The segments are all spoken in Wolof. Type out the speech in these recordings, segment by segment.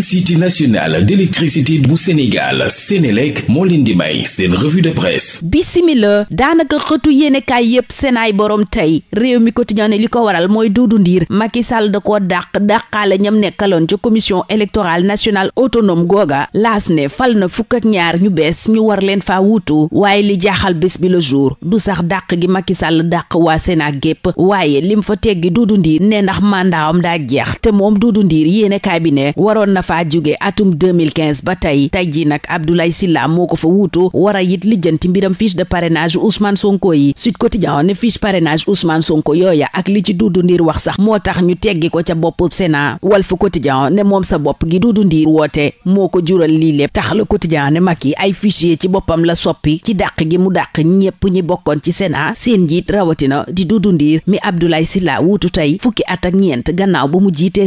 société nationale d'électricité bu Sénégal Sénélec moo leen di may seen revue de presse bisimila daanaka xëtu yéenekaay yépp seenaay borom tey réew mi quotidien ne li ko waral mooy Doudou Ndir Macky Sall da koo dàq dàqaale ñam nekkaloon ca commission électorale nationale autonome googa laas ne fal na fukk ak ñaar ñu bees ñu war leen faa wuutu waaye li jaaxal bés bi le jour du sax dàq gi Macky Sall dàq waa Sénat gépp waaye lim fa teggi Doudou Ndir ne ndax mandaawam daa jeex te moom Doudou Ndir yéenekaay bi ne waroon na faa jóge atum 2015 ba tey tey ji nag Abdoulaye Sylla moo ko fa wuutu war a yit lijjanti mbiram fiche de parrainage Ousmane Sonko yi Sud Quotidien ne fiche parrainage Ousmane Sonko yooya ak li ci du Ndir wax sax moo tax ñu teggi ko ca bopp wal Sénat Walf Quotidien ne moom sa bopp gi du Ndir woote moo ko jural lii lépp tax la Le Quotidien ne yi ay fichier ci boppam la soppi ci daq gi mu daq ñépp ñi bokkoon ci Sénat seen njiit rawatina di du Ndir mi Abdoulaye Sylla wuutu tey fukki at ak ñeent gannaaw mu jiitee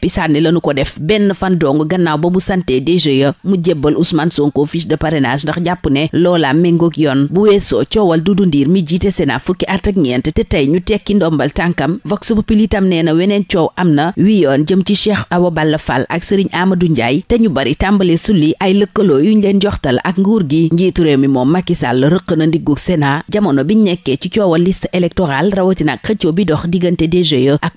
Noppi sànni lañu ko def benn fan dong gannaaw ba mu santee DGE mu jébbal Ousmane Sonko fiche de parrainage ndax jàpp ne loola méngoog yoon bu weesoo coowal Doudou Ndir mi jiite Sénat fukki at ak ñeent te tey ñu tekki ndombal tànkam Vox Populi itam nee na weneen coow am na wi yoon jëm ci Cheikh Awa Balla fal ak Serigne amadu Ndiaye te ñu bari tàmbalee sulli ay lëkkaloo yuñ leen joxtal ak nguur gi njiitu réew mi moom Macky Sall rëq na ndiggu Sénat jamono biñ nekkee ci coowal liste électorale rawatina ak bi dox diggante DGE ak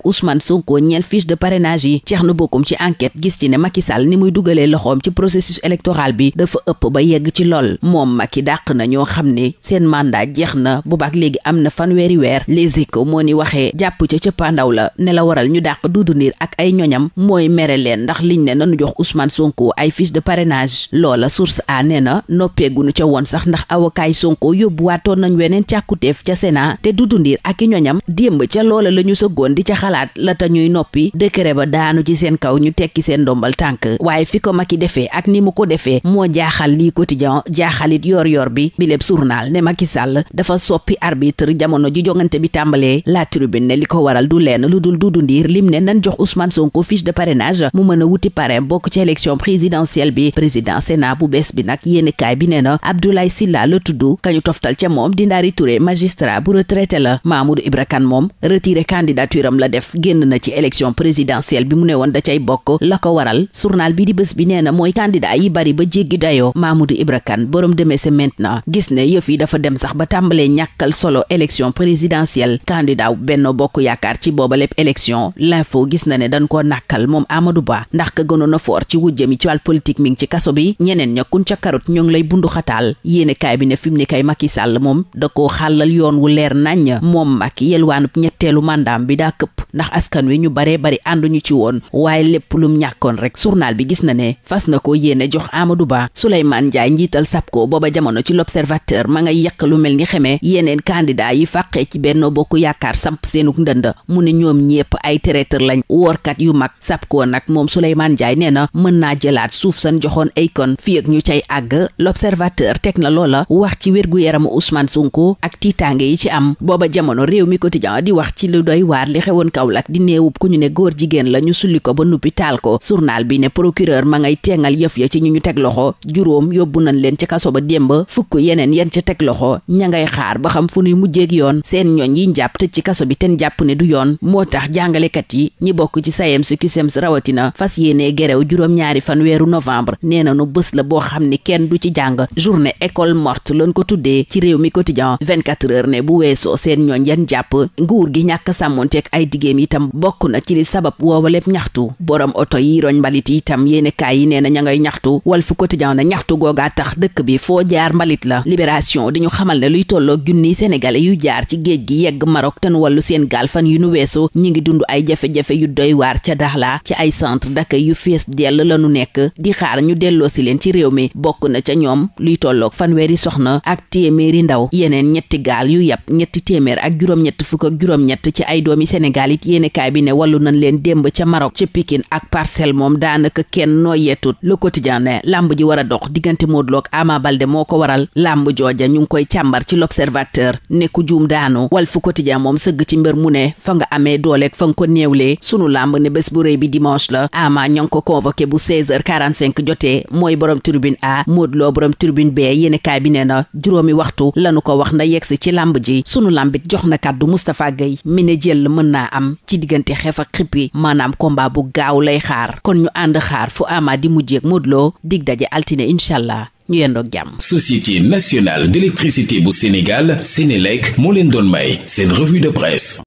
Thierno Bocoum ci enquête gis ci ne Macky Sall ni muy dugalee loxoom ci processus électoral bi dafa ëpp ba yegg ci lool moom Macky dàq na ñoo xam ne seen mandat jeex na boobaak léegi am na fanweeri weer Les Échos moo ni waxee jàpp ca cëppaandaw la ne la waral ñu dàq du Ndir ak ay ñoñam mooy mere leen ndax liñ ne nanu jox Ousmane Sonko ay fiche de parrainage loola source a na noppeegunu ca woon sax ndax avocat yi Sonko yóbbuwaatoon nañ weneen càkkuteef ca Sénat te Doudou Ndir ak i ñoñam démb ca ci seen kaw ñu tekki seen ndombal tànk waaye fi ko Macky defee ak ni mu ko defee moo jaaxal lii quotidien jaaxalit yoor yoor bi bi lépp journal ne Macky Sall dafa soppi arbitre jamono ji jongante bi tàmbalee la tribune ne li ko waral du leen lu dul du Ndir lim ne nan jox Ousmane Sonko fiche de parrainage mu mën a wuti parrain bokk ci élection présidentielle bi président sénat bu bees bi nag yéeni kaay bi nee na Abdoulaye la tudd kañu toftal ca moom di Ndari Touré magistrat bu retraité la Mamadou Ibra Kane ne woon da cay bokk la ko waral journal bi di bés bi nee na mooy candidat yi bari ba jéggi dayoo Mamadou Ibra Kane boroom demee sa maintenant gis ne yëf yi dafa dem sax ba tàmbalee ñàkkal solo élection présidentielle candidat Benno Bokk Yaakaar ci booba lépp élection l'info gis na ne dañ koo nàkkal moom amadu Ba ndax ka gënoon a foor ci wujjami ci wàll politique mi ngi ci kaso bi ñeneen ña kun ca karot ñoo ngi lay bundu xataal yéene kaay bi ne fi mu ne kay Macky Sall moom da koo xàllal yoon wu leer naññ moom Macky yelwaanub ñetteelu mandaam bi daa këpp ndax askan wi ñu baree bari ànduñu ci woon waaye lépp lum ñàkkoon rek journal bi gis na ne fas na ko yéene jox Amadou Ba Souleymane Ndiaye njiital SAPCO booba jamono ci l'observateur ma nga yàq lu mel ni xemee yeneen candidat yi fàqee ci Benno Bokk Yaakaar samp seenuk ndënd mu ne ñoom ñépp ay traiteur lañ woorkat yu mag SAPCO nag moom Souleymane Ndiaye nee na mën naa jëlaat suuf seen joxoon ay kon fi ak ñu cay àgg l'observateur teg na loola wax ci wér-gu-yaramu Ousmane Sonko ak tiitaange yi ci am booba jamono réew mi quotidien di wax ci lu doy waar li xewoon Kaolack di néewub ñu ne góor jigéen sulli ko ba nuppi taal ko journal bi ne procureur ma ngay teengal yëf ya ci ñu ñu teg loxo juróom yóbbu nañ leen ci kaso ba démb fukk yeneen yan ci teg loxo ña ngay xaar ba xam fu nuy mujjeeg yoon seen ñooñ yi njàpp tëj ci kaso bi ten jàpp ne du yoon moo tax jàngalekat yi ñi bokk ci sayems kusems rawatina fas yéenee gerew juróom-ñaari fan weeru novembre nee nañu bés la boo xam ni kenn du ci jàng journée école morte lañ ko tuddee ci réew mi quotidien 24 heures ne bu weesoo seen ñooñ yan jàpp ñaxtu borom oto yi roñ mbalit yi itam yéene kaay yi nee na ña ngay ñaxtu fukk Quotidien na ñaxtu googaa tax dëkk bi foo jaar mbalit la libération dañu xamal ne luy tolloo junniy sénégalais yu jaar ci géej gi yegg Maroc ten wallu seen gaal fan yu nu weesoo ñi ngi dund ay jafe-jafe yu doy waar ca Dakhla ci ay centre d'accueil yu fees dell lanu nekk di xaar ñu delloo si leen ci réew mi bokk na ca ñoom luy tolloog fanweeri soxna ak téeméeri ndaw yeneen ñetti gaal yu yàpp ñetti téeméer ak juróom-ñett ci ay doomi Sénégal it bi ne wàllu nañ ca Pikine ak Parcelles moom daanaka kenn noo yeetut le quotidien ne lamb ji war a dox diggante Modou Lo ak Ama Baldé moo ko waral lamb jooja ñu ngi koy càmbar ci l'observateur ne ku juum daanu Walf Quotidien moom sëgg ci mbër mu ne fa nga amee dooleeg fa nga ko néewlee sunu lamb ne bés bu rëy bi dimanche la Ama ñoo ngi ko convoqué bu 16h45 jotee mooy borom turbine A Modou Lo borom turbine B yéene kaay bi nee na juróomi waxtu la nu ko wax na yegsi ci lamb ji sunu lambit jox na kàddu Moustapha Gueye mi ne jël mën naa am ci diggante xeex combat bu gaaw lay xaar kon ñu ànd xaar fu ama di mujjeek Modou Lo dig daje altine incha allah ñu yendoog jàmm société nationale d'électricité bu Sénégal Sénélec moo leen doon may seen revue de presse